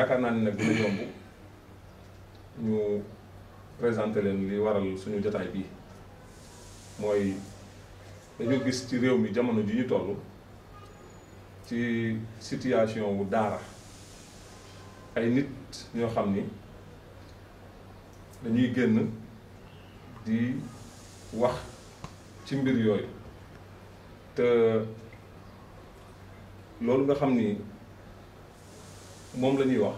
yaakaar naa ne nag dina yomb ñu présenté leen li waral suñu jataay bi mooy dañu gis ci réew mi jamono ji ñu toll ci situation wu daara ay nit ñoo xam ni dañuy génn di wax ci mbir yooyu te loolu nga xam ni moom la ñuy wax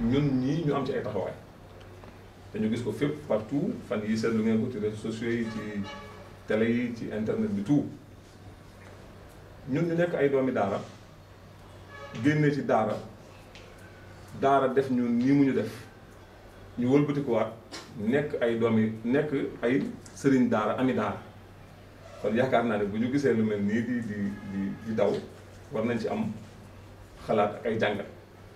ñun ñi ñu am ci ay taxawaay dañu gis ko fépp partout fan yi lu ngeen ko ci réseaux sociaux yi ci télé yi ci internet bi tout ñun ñu nekk ay doomi daara génne ci daara daara def ñu nii mu ñu def ñu wëlbatikuwaat nekk ay doomi nekk ay sëriñ daara ami daara kon yaakaar naa ne bu ñu gisee lu mel nii di di di di daw war nañ ci am xalaat ak ay jàngat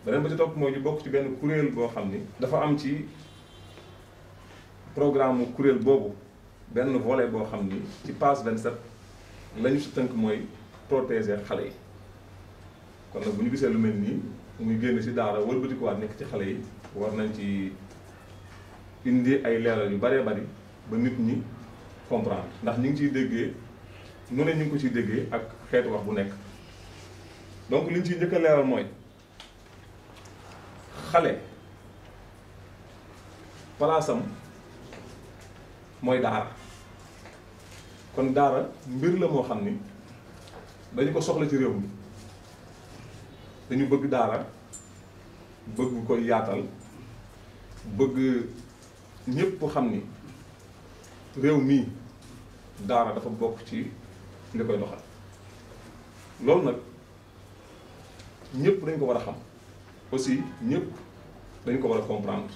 beneen ba ci topp mooy ñu bokk ci benn kuréel boo xam ni dafa am ci programme mu kuréel boobu benn volet boo xam ni ci pass 27 la ñu si tënk mooy protéger xale yi kon nag bu ñu gisee lu mel nii muy génn si daara wëlbatikuwaat nekk ci xale yi war nañ ci indi ay leeral yu bëree bari ba nit ñi comprendre ndax ñu ngi ciy déggee nu ñu ngi ko ciy déggee ak xeetu wax bu nekk donc li ñu ciy leeral mooy. xale palaasam mooy daara kon daara mbir la moo xam ni dañu ko soxla ci réew mi dañu bëgg daara bëgg koy yaatal bëgg ñépp xam ni réew mii daara dafa bokk ci li koy doxal loolu nag ñépp dañ ko war a xam aussi ñëpp dañ ko war a comprendre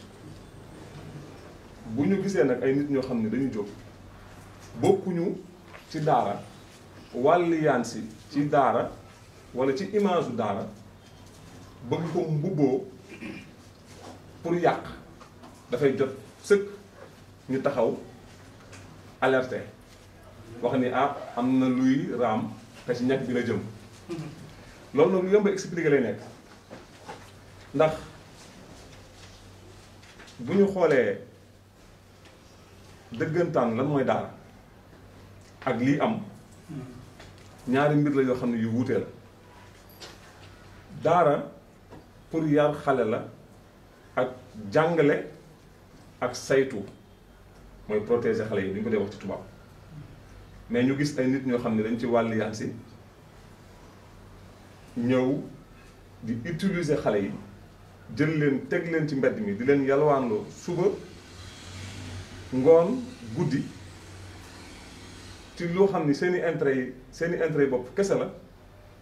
bu ñu gisee nag ay nit ñoo xam ne dañu jóg bokkuñu ci daara wàlliyaan si ci daara wala ci image daara bëgg ko mbubboo pour yàq dafay jot sëkk ñu taxaw alerte wax ni ah am na luy raam te ci ñàkk bi la jëm loolu nag lu yomb expliquer lay nekk. ndax bu ñu xoolee dëggantaan lan mooy daara ak lii am ñaari mbir la yoo xam ne yu wuute la daara pour yar xale la ak jàngale ak saytu mooy protéger xale yi bu ñu ko dee wax ci tubaab mais ñu gis ay nit ñoo xam ne dañ ci wàll yaan si ñëw di utiliser xale yi jël leen teg leen ci mbedd mi di leen yalwaanloo suba ngoon guddi ci loo xam ni seeni i yi seen i intérêt yi bopp kese la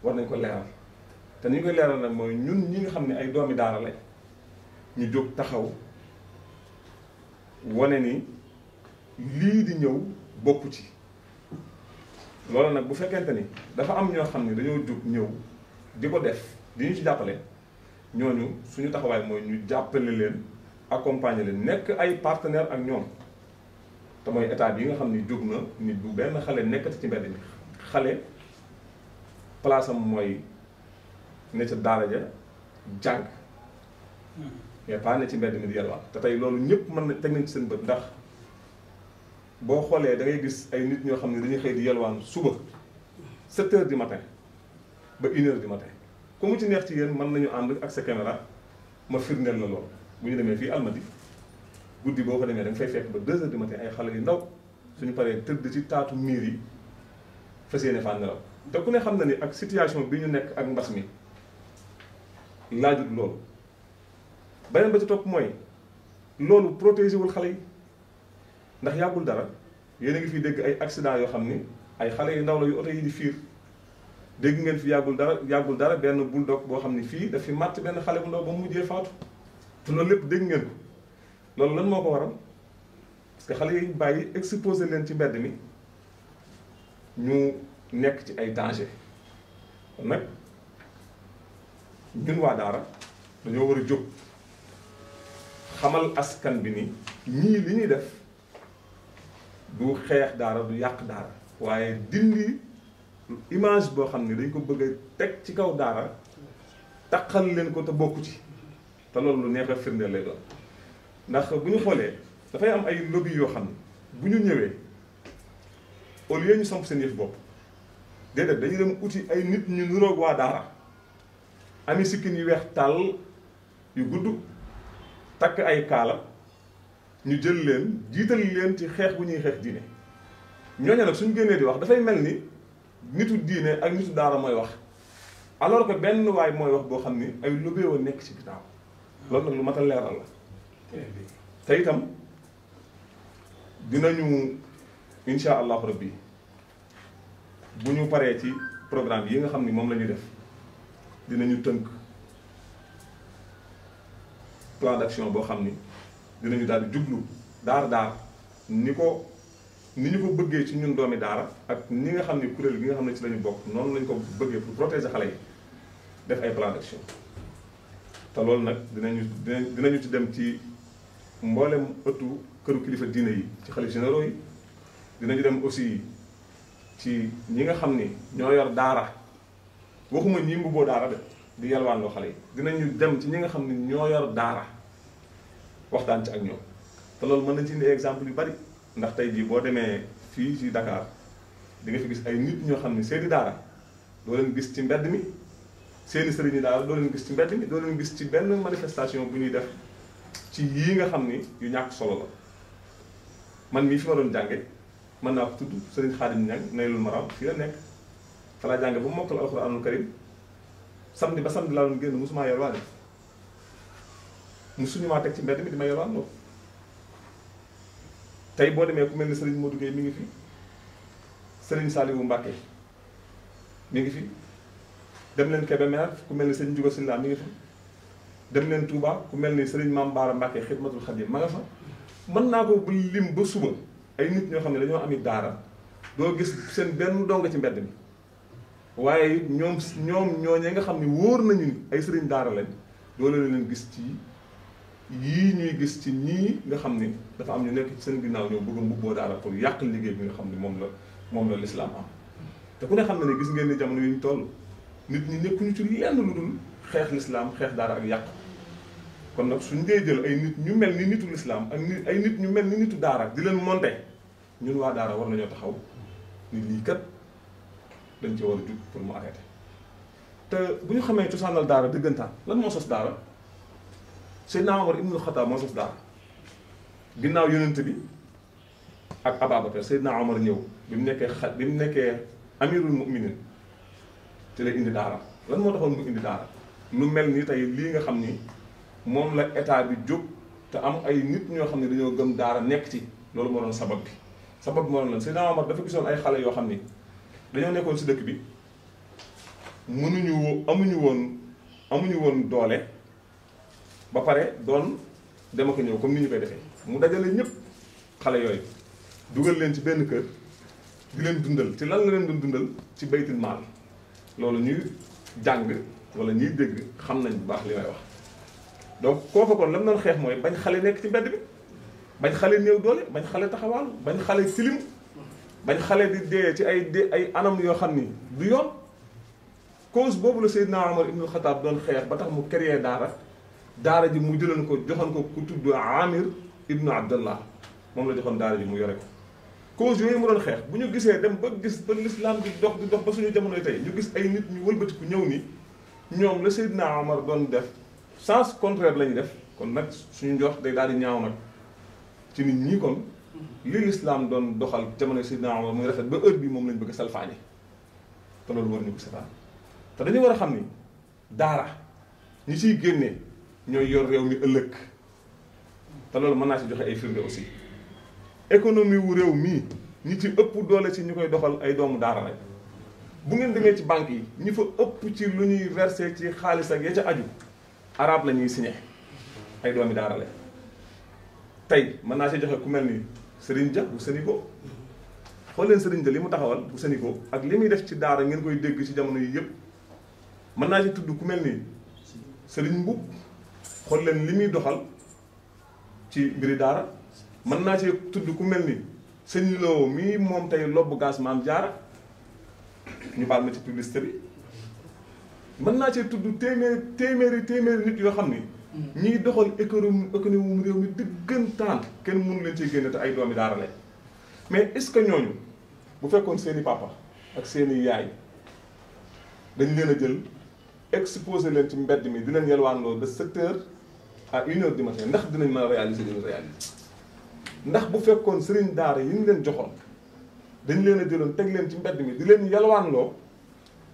war nañ ko leeral te ni ñu koy leeral nag mooy ñun ñi nga xam ne ay doomi daara lañ ñu jóg taxaw wone ni lii di ñëw bokku ci loolu nag bu fekkente ni dafa am ñoo xam ne dañoo jóg ñëw di ko def di ñu ci jàppale ñooñu suñu taxawaay mooy ñu jàppale leen accompagner leen nekk ay partenaire ak ñoom te mooy état yi nga xam ni jóg na nit bu benn xale nekkati ci mbedd mi xale place am mooy ne ca daara ja jàng hmm. mais pas ci mbedd mi di yalwaan te tey loolu ñëpp mën na teg nañ ci seen bët ndax boo xoolee da ngay gis ay nit ñoo xam ne dañuy xëy di yalwaan suba 7 du matin ba 1 heure du matin. ku mu ci neex ci yéen mën nañu ànd ak sa caméra ma firndeel la lool bu ñu demee fii Almadi guddi boo ko demee da nga fay fekk ba 2 heures du matin ay xale yu ndaw suñu paree tëdd ci taatu miir yi fas yéene faa nelaw te ku ne xam na ni ak situation bi ñu nekk ak mbas mi laajut loolu beneen ba ci topp mooy loolu protéger wul xale yi ndax yàggul dara yéen ngi fiy dégg ay accident yoo xam ni ay xale yu ndaw la yu oto yi di fiir dégg ngeen fi yàggul dara yàggul dara benn bulldog boo xam ne fii daf fi màtt benn xale bu ndaw ba mu mujjee faatu te loolu lépp dégg ngeen ko loolu lan moo ko waral parce xale yi bàyyi exposé leen ci bedd mi ñu nekk ci ay danger nag ñun waa daara dañoo war a jóg xamal askan bi ni ñii li ñuy def du xeex daara du yàq daara waaye dindi image boo xam ne dañ ko bëgg teg ci kaw daara taqal leen ko te bokku ci te loolu lu neex a firndeel lay doon ndax bu ñu xoolee dafay am ay lobby yoo xam ne bu ñu ñëwee au lieu ñu samp seen yëf bopp déedéet dañu dem uti ay nit ñu nuroog waa daara ami sikkin yu weex tàll yu gudd takk ay kaala ñu jël leen jiital leen ci xeex bu ñuy xeex diine ñooñu nag suñ génnee di wax dafay mel ni nitu diine ak nitu daara mooy wax alors que benn waay mooy wax boo xam ni ay lobéewa nekk ci ginnaaw loolu nag lu mat a leeral la te itam dinañu insha allahu rabbi bu ñu paree ci programme yi nga xam ni moom la ñu def dinañu tënk plan d'action boo xam ni dinañu daal di jublu daar daar ni ko ni ñu ko bëggee ci ñun doomi daara ak ñi nga xam ne kuréel gi nga xam ne ci lañu bokk noonu lañu ko bëggee pour protéger xale yi def ay plan te loolu nag dina dinañu ci dem ci mboolem ëttu këru kilifa diine yi ci xalif généraux yi dinañu dem aussi ci ñi nga xam ni ñoo yor daara waxuma ñi mbubboo daara de di yalwaanloo xale yi dinañu dem ci ñi nga xam ni ñoo yor daara waxtaan ci ak ñoom te loolu mën nañ ci indi exemple yu bari ndax tey jii boo demee fii ci Dakar di nga fi gis ay nit ñoo xam ne seeni daara doo leen gis ci mbedd mi seeni sëriñu yi daara doo leen gis ci mbedd mi doo leen gis ci benn manifestation bu ñuy def ci yii nga xam ni yu ñàkk solo la man mii fi ma doon jànge mën naa ko tudd sëriñ Xaadim Ñang Naylul Maram fii la nekk fa laa jànge ba mokkal alxuraanul karim samedi ba samedi laa doon génn mosumaa yelwaane mosuñu maa teg ci mbedd mi di ma yelwaan loolu tey boo demee ku mel ni Serigne Modou Gueye mu ngi fi sëriñ saalimu Mbacké mi ngi fi dem leen Kébémer ku mel ni Serigne Ndiouga Sylla mi ngi fi dem leen Touba ku mel ni sëriñ Mame Bara Mbacké Xidmatul Xadim ma nga mën naa ko bu lim ba suba ay nit ñoo xam ne dañoo ami daara doo gis seen benn dong ci mbedd mi waaye ñoom ñoom ñooñee nga xam ne wóor nañu ni ay sëriñ daara lañ doo leen leen gis ci. yii ñuy gis ci ñii nga xam ni dafa am ñu nekk ci seen ginnaaw ñoo bëgg a mbubboo daara pour yàq liggéey bi nga xam ni moom la moom la lislaam am te ku ne xam ne ne gis ngeen ni jamono yuñ toll nit ñi nekkuñu ci lenn lu dul xeex lislaam xeex daara ak yàq kon nag suñ dee jël ay nit ñu mel ni nitu lislaam ak nit ay nit ñu mel ni nitu daara di leen monte ñun waa daara war na nañoo taxaw nit lii kat dañ ci war a jug pour mu arrêté te bu ñu xamee cosaanal daara dëggantaan lan moo sos daara Seydina Omar ibnul Xataab moo sos daara ginnaaw yonent bi ak Ababacar Seydina Omar ñëw bi mu nekkee xa bi mu nekkee amirul muminin ci la indi daara lan moo taxoon mu indi daara lu mel ni tey lii nga xam ni moom la état bi jóg te am ay nit ñoo xam ne dañoo gëm daara nekk ci loolu moo doon sabab bi sabab bi moo doon lan Seydina Omar dafa gisoon ay xale yoo xam ni dañoo nekkoon si dëkk bi mënuñu amuñu woon amuñu woon doole ba pare doon dem ak ñëw comme ni ñu koy defee mu dajale ñëpp xale yooyu dugal leen ci benn kër di leen dundal ci lal la leen doon dundal ci baytul maal loolu ñuy jàng walla ñuy dégg xam nañ bu baax li may wax. donc kooku kon lam doon xeex mooy bañ xale nekk ci mbedd bi bañ xale néew doole bañ xale taxawaal bañ xale silim bañ xale di dee ci ay de ay anam yoo xam ni du yoon cause boobu la Seydina Omar muy Xataab doon xeex ba tax mu créé daara. daara ji mu jëloon ko joxoon ko ku tudd Amir ibnu Abdallah moom la joxoon daara ji mu yore ko. cause yooyu mu doon xeex bu ñu gisee dem ba gis ba lislaam di dox di dox ba suñu jamonoy tey ñu gis ay nit ñu wëlbatiku ñëw ni ñoom la Seydina Omar doon def sens contraire la def kon nag suñu njox day daal di ñaaw nag ci nit ñi kon li lislaam doon doxal jamono Seydina Omar muy rafet ba heure bi moom lañ bëgg salfaañe te loolu war ñu ko setaan te dañu war a xam ni daara ñi ciy génnee ñooy yor réew mi ëllëg te loolu mën naa si joxe ay firnde aussi économie wu réew mii ñi ci ëpp doole ci ñu koy doxal ay doomu daara bu ngeen demee ci banque yi ñi fa ëpp ci lu ñuy versé ci xaalis ak ya ca aju araab la ñuy signé ay doomi daara tey mën naa si joxe ku mel ni sëriñ Dia bu Sénigo xool leen Serigne Dia li mu taxawal bu Sénigo ak li muy def ci daara ngeen koy dégg ci jamono yi yëpp mën naa si tudd ku mel ni Serigne Mboup xool leen li muy doxal ci mbiri daara mën naa cee tudd ku mel ni sëñ Lo mii moom tey lobbu gaas maam jaara ñu baal ma ci publicité bi mën naa cee tudd téeméeri téeméeri téeméeri nit yoo xam ni mm. ñuy doxal économie économie réew mi dëggantaan kenn mënu leen ciy génn te ay doomi daara lañ mais est-ce que ñooñu bu fekkoon seeni papa ak seeni yaay dañ leen a jël exposé leen ci mbedd mi dinañ yelwaanloo de sept heures à une heure du matin ndax dinañ mën a réaliser li ñu réaliser ndax bu fekkoon sëriñ daara yi ñu leen joxoon dañ leen a jëloon teg leen ci mbedd mi di leen yelwaanloo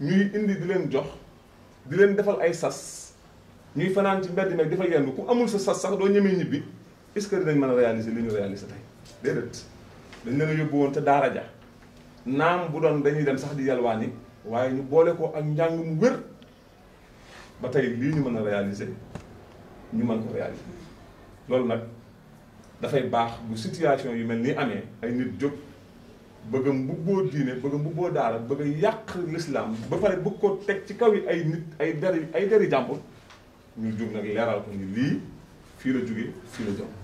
ñuy indi di leen jox di leen defal ay sas ñuy fanaan ci mbedd meeg dafa yendu ku amul sa sas sax doo ñemee ñibbi ce que dinañ mën a réaliser li ñu réaliser tey déedéet dañ leen a yóbbu woon te daara ja naam bu doon dañuy dem sax di yelwaan yi waaye ñu boole ko ak njàng mu wér ba tey lii ñu mën a réaliser ñu mën ko réaliser loolu nag dafay baax bu situation yu mel ni amee ay nit jóg bëgg a mbubboo diine bëgg a mbubboo daara bëgg a yàq l'islam ba pare bëgg koo teg ci kaw yi ay nit ay deri ay deri jàmbur ñu jug nag leeral ko ni lii fii la jóge fii la jom